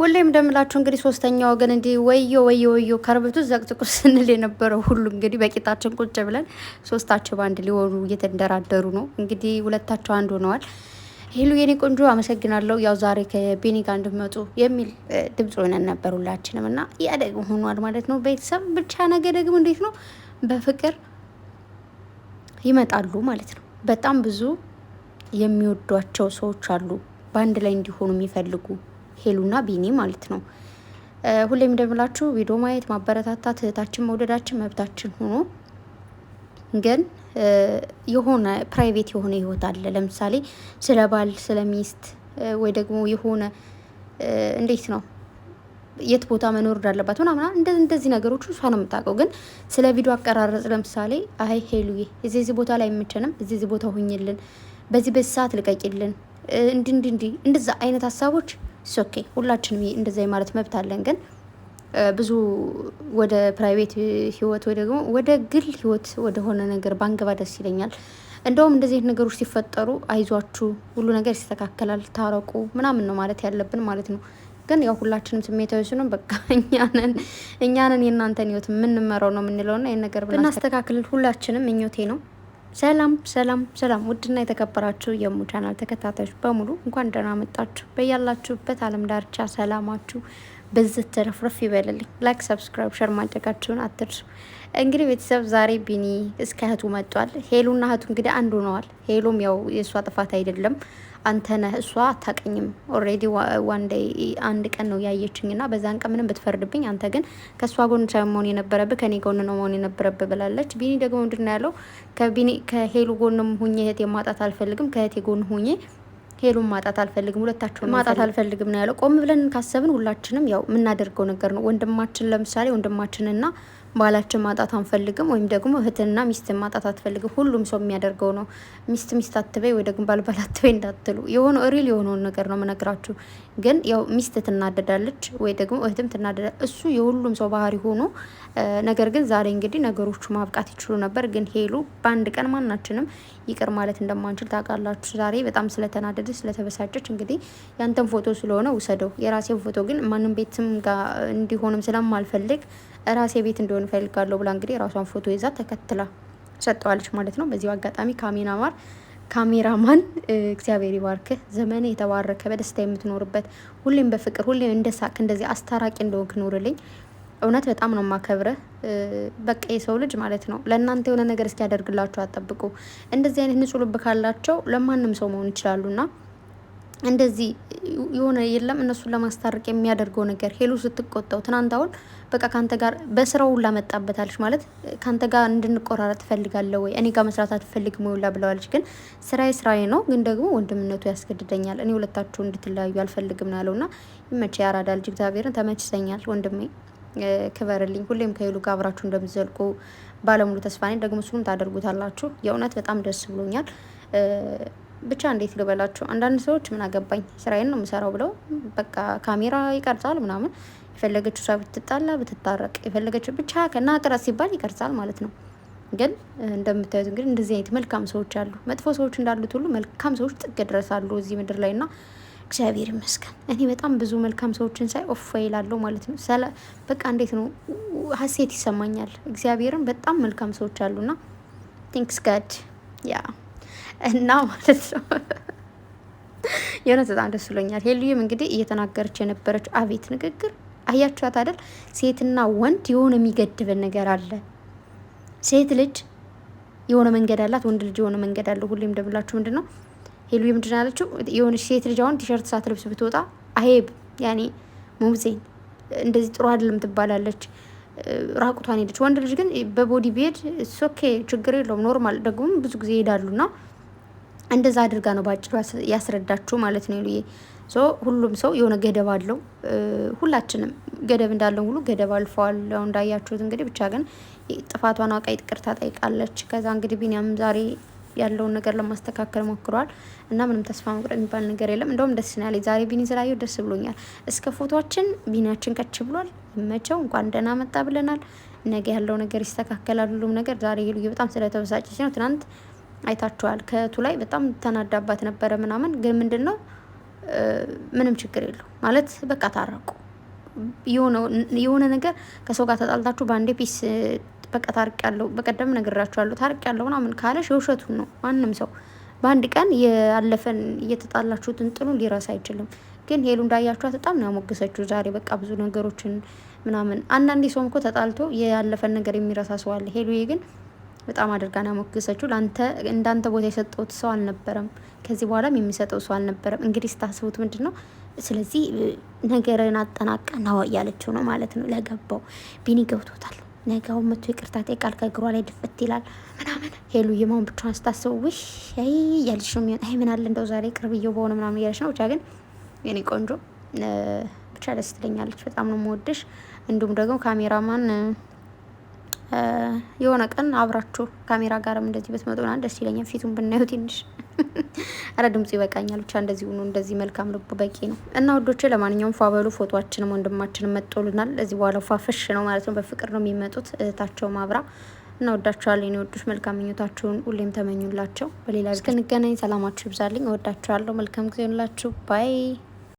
ሁሌም እንደምላችሁ እንግዲህ ሶስተኛ ወገን እንዲህ ወዮ ወዮ ወዮ ከርበቱ ዘቅጥቁ ስንል የነበረው ሁሉ እንግዲህ በቂጣችን ቁጭ ብለን ሶስታቸው በአንድ ሊሆኑ እየተንደራደሩ ነው። እንግዲህ ሁለታቸው አንድ ሆነዋል። ሄሉ የኔ ቆንጆ አመሰግናለሁ። ያው ዛሬ ከቤኒ ጋር እንድመጡ የሚል ድምጽ ሆነን ነበር ሁላችንም እና ያደግ ሆኗል ማለት ነው። ቤተሰብ ብቻ ነገ ደግሞ እንዴት ነው በፍቅር ይመጣሉ ማለት ነው። በጣም ብዙ የሚወዷቸው ሰዎች አሉ፣ በአንድ ላይ እንዲሆኑ የሚፈልጉ ሄሉና ቢኒ ማለት ነው። ሁሌም እንደምላችሁ ቪዲዮ ማየት ማበረታታት፣ እህታችን መውደዳችን መብታችን ሆኖ ግን የሆነ ፕራይቬት የሆነ ህይወት አለ። ለምሳሌ ስለ ባል ስለ ሚስት ወይ ደግሞ የሆነ እንዴት ነው የት ቦታ መኖር እንዳለባት ምናምና እንደዚህ ነገሮች እሷ ነው የምታውቀው። ግን ስለ ቪዲዮ አቀራረጽ ለምሳሌ አይ ሄሉዬ እዚህ እዚህ ቦታ ላይ የምችንም እዚህ እዚህ ቦታ ሁኝልን፣ በዚህ በዚህ ሰዓት ልቀቂልን፣ እንዲ እንዲ እንዲ እንደዛ አይነት ሀሳቦች ሶኬ ሁላችንም እንደዛ ማለት መብት አለን። ግን ብዙ ወደ ፕራይቬት ህይወት ወይ ደግሞ ወደ ግል ህይወት ወደ ሆነ ነገር ባንገባ ደስ ይለኛል። እንደውም እንደዚህ ነገሮች ሲፈጠሩ አይዟችሁ፣ ሁሉ ነገር ይስተካከላል፣ ታረቁ ምናምን ነው ማለት ያለብን ማለት ነው። ግን ያው ሁላችንም ስሜታዊ ስንሆን በቃ እኛንን እኛንን የእናንተን ህይወት የምንመራው ነው የምንለውና ይህን ነገር ብናስተካክል ሁላችንም እኞቴ ነው። ሰላም ሰላም ሰላም! ውድና የተከበራችሁ የሙ ቻናል ተከታታዮች በሙሉ እንኳን ደህና መጣችሁ። በያላችሁበት አለም ዳርቻ ሰላማችሁ በዝት ተረፍረፍ ይበልልኝ። ላይክ፣ ሰብስክራይብ፣ ሸር ማድረጋችሁን አትርሱ። እንግዲህ ቤተሰብ ዛሬ ቢኒ እስከ እህቱ መጧል። ሄሉና እህቱ እንግዲህ አንዱ ነዋል። ሄሉም ያው የእሷ ጥፋት አይደለም አንተነህ እሷ አታቀኝም። ኦልሬዲ አንድ ቀን ነው ያየችኝ ና በዛን ቀን ምንም ብትፈርድብኝ፣ አንተ ግን ከእሷ ጎን ሳይሆን መሆን የነበረብህ ከኔ ጎን ነው መሆን የነበረብህ ብላለች። ቢኒ ደግሞ ምንድን ነው ያለው? ከሄሉ ጎንም ሁኜ እህቴ ማጣት አልፈልግም፣ ከእህቴ ጎን ሁኜ ሄሉን ማጣት አልፈልግም፣ ሁለታቸውን ማጣት አልፈልግም ነው ያለው። ቆም ብለን ካሰብን ሁላችንም ያው የምናደርገው ነገር ነው። ወንድማችን ለምሳሌ ወንድማችንና ባላችን ማጣት አንፈልግም፣ ወይም ደግሞ እህትና ሚስት ማጣት አትፈልግም። ሁሉም ሰው የሚያደርገው ነው። ሚስት ሚስት አትበይ ወይ ደግሞ ባል አትበይ እንዳትሉ፣ የሆነ ሪል የሆነውን ነገር ነው ምነግራችሁ። ግን ያው ሚስት ትናደዳለች ወይ ደግሞ እህትም ትናደዳለች። እሱ የሁሉም ሰው ባህሪ ሆኖ ነገር ግን ዛሬ እንግዲህ ነገሮቹ ማብቃት ይችሉ ነበር። ግን ሄሉ በአንድ ቀን ማናችንም ይቅር ማለት እንደማንችል ታውቃላችሁ። ዛሬ በጣም ስለተናደደች ስለተበሳጨች እንግዲህ ያንተን ፎቶ ስለሆነ ውሰደው፣ የራሴን ፎቶ ግን ማንም ቤትም ጋር እንዲሆንም ስለማልፈልግ ራሴ ቤት እንደሆነ መሆን ፈልጋለሁ ብላ እንግዲህ ራሷን ፎቶ ይዛ ተከትላ ሰጠዋለች ማለት ነው። በዚሁ አጋጣሚ ካሜራማር ካሜራማን እግዚአብሔር ይባርክህ፣ ዘመን የተባረከ በደስታ የምትኖርበት ሁሌም በፍቅር ሁሌም እንደ ሳቅ እንደዚህ አስታራቂ እንደሆንክ ኖርልኝ። እውነት በጣም ነው ማከብረህ። በቃ የሰው ልጅ ማለት ነው ለእናንተ የሆነ ነገር እስኪያደርግላቸው አጠብቁ። እንደዚህ አይነት ንጹህ ልብ ካላቸው ለማንም ሰው መሆን ይችላሉና እንደዚህ የሆነ የለም እነሱን ለማስታረቅ የሚያደርገው ነገር ሄሉ ስትቆጣው፣ ትናንት አሁን በቃ ከአንተ ጋር በስራው መጣበታለች ማለት ከአንተ ጋር እንድንቆራረጥ ትፈልጋለ ወይ እኔ ጋር መስራት አትፈልግ መውላ ብለዋለች። ግን ስራዬ ስራዬ ነው፣ ግን ደግሞ ወንድምነቱ ያስገድደኛል። እኔ ሁለታችሁ እንድትለያዩ አልፈልግም ነው ያለው። ና ይመች ያራዳ ልጅ እግዚአብሔርን ተመችሰኛል ወንድሜ ክበርልኝ ሁሌም ከሄሉ ጋር አብራችሁ እንደምትዘልቁ ባለሙሉ ተስፋ ነኝ። ደግሞ እሱንም ታደርጉታላችሁ። የእውነት በጣም ደስ ብሎኛል። ብቻ እንዴት ልበላችሁ፣ አንዳንድ ሰዎች ምን አገባኝ ስራዬን ነው የምሰራው ብለው በቃ ካሜራ ይቀርጻል ምናምን። የፈለገችው እሷ ብትጣላ ብትታረቅ፣ የፈለገችው ብቻ ከና ቅረጽ ሲባል ይቀርጻል ማለት ነው። ግን እንደምታዩት እንግዲህ እንደዚህ አይነት መልካም ሰዎች አሉ። መጥፎ ሰዎች እንዳሉት ሁሉ መልካም ሰዎች ጥግ ድረስ አሉ እዚህ ምድር ላይ እና እግዚአብሔር ይመስገን እኔ በጣም ብዙ መልካም ሰዎችን ሳይ ኦፍ ይላለሁ ማለት ነው። በቃ እንዴት ነው ሀሴት ይሰማኛል። እግዚአብሔርን በጣም መልካም ሰዎች አሉና ቲንክስ ጋድ ያ እና ማለት ነው የእውነት በጣም ደስ ብሎኛል። ሄልዩም እንግዲህ እየተናገረች የነበረች አቤት ንግግር አያችኋት አይደል? ሴትና ወንድ የሆነ የሚገድብን ነገር አለ። ሴት ልጅ የሆነ መንገድ አላት፣ ወንድ ልጅ የሆነ መንገድ አለው። ሁሌም ደብላችሁ ምንድን ነው ሄልዩ ምንድን ያለችው? የሆነች ሴት ልጅ አሁን ቲሸርት ሳት ልብስ ብትወጣ አሄብ ያኔ ሙምዜን እንደዚህ ጥሩ አይደለም ትባላለች፣ ራቁቷን ሄደች። ወንድ ልጅ ግን በቦዲ ቢሄድ ሶኬ ችግር የለውም ኖርማል። ደግሞ ብዙ ጊዜ ይሄዳሉና እንደዛ አድርጋ ነው በአጭሩ ያስረዳችሁ ማለት ነው ይሉዬ። ሶ ሁሉም ሰው የሆነ ገደብ አለው። ሁላችንም ገደብ እንዳለው ሁሉ ገደብ አልፈዋል። ያው እንዳያችሁት እንግዲህ ብቻ ግን ጥፋቷን አውቃ ይቅርታ ጠይቃለች። ከዛ እንግዲህ ቢኒያም ዛሬ ያለውን ነገር ለማስተካከል ሞክሯል እና ምንም ተስፋ መቁረጥ የሚባል ነገር የለም። እንደውም ደስ ነው ዛሬ ቢኒ ስላየው ደስ ብሎኛል። እስከ ፎቶችን ቢኒያችን ከች ብሏል። መቼው እንኳን ደህና መጣ ብለናል። ነገ ያለው ነገር ይስተካከላል። ሁሉም ነገር ዛሬ ይሉ በጣም ስለተበሳጨች ነው ትናንት አይታችኋል። ከእህቱ ላይ በጣም ተናዳባት ነበረ ምናምን። ግን ምንድን ነው ምንም ችግር የለው ማለት በቃ ታረቁ። የሆነ ነገር ከሰው ጋር ተጣልታችሁ በአንዴ ፒስ በቃ ታርቅ ያለው በቀደም ያለው ታርቅ ያለው ምናምን ካለሽ የውሸቱ ነው። ማንም ሰው በአንድ ቀን ያለፈን እየተጣላችሁትን ጥሉ ሊረሳ አይችልም። ግን ሄሉ እንዳያችኋት በጣም ነው ያሞገሰችው ዛሬ። በቃ ብዙ ነገሮችን ምናምን አንዳንዴ ሰውም እኮ ተጣልቶ ያለፈን ነገር የሚረሳ ሰው አለ። ሄሉዬ ግን በጣም አድርጋና ሞገሰችው። ለአንተ እንዳንተ ቦታ የሰጠውት ሰው አልነበረም፣ ከዚህ በኋላም የሚሰጠው ሰው አልነበረም። እንግዲህ ስታስቡት ምንድን ነው ስለዚህ ነገርን አጠናቀ ነው እያለችው ነው ማለት ነው። ለገባው ቢኒ ገብቶታል። ነገው መቶ ይቅርታ ይቃል ከእግሯ ላይ ድፍት ይላል ምናምን ሄሉ የማሁን ብቻዋን ስታስበው ውሽ ይ እያለች ነው የሚሆን። አይ ምን አለ እንደው ዛሬ ቅርብዬው በሆነ ምናምን እያለች ነው። ብቻ ግን የኔ ቆንጆ ብቻ ደስ ትለኛለች። በጣም ነው የምወድሽ። እንዲሁም ደግሞ ካሜራማን የሆነ ቀን አብራችሁ ካሜራ ጋርም እንደዚህ ብትመጡ ምናምን ደስ ይለኛል። ፊቱን ብናየው ትንሽ ኧረ ድምፁ ይበቃኛል። ብቻ እንደዚህ ሁኑ። እንደዚህ መልካም ልቡ በቂ ነው እና ወዶቼ፣ ለማንኛውም ፏበሉ። ፎቶችንም ወንድማችንም መጦልናል። እዚህ በኋላ ፏፈሽ ነው ማለት ነው። በፍቅር ነው የሚመጡት። እህታቸው ማብራ እና ወዳችኋለሁ። የኔ ወዶች መልካም ምኞታችሁን ሁሌም ተመኙላቸው። በሌላ እስክንገናኝ ሰላማችሁ ይብዛልኝ። ወዳችኋለሁ። መልካም ጊዜ ሆንላችሁ። ባይ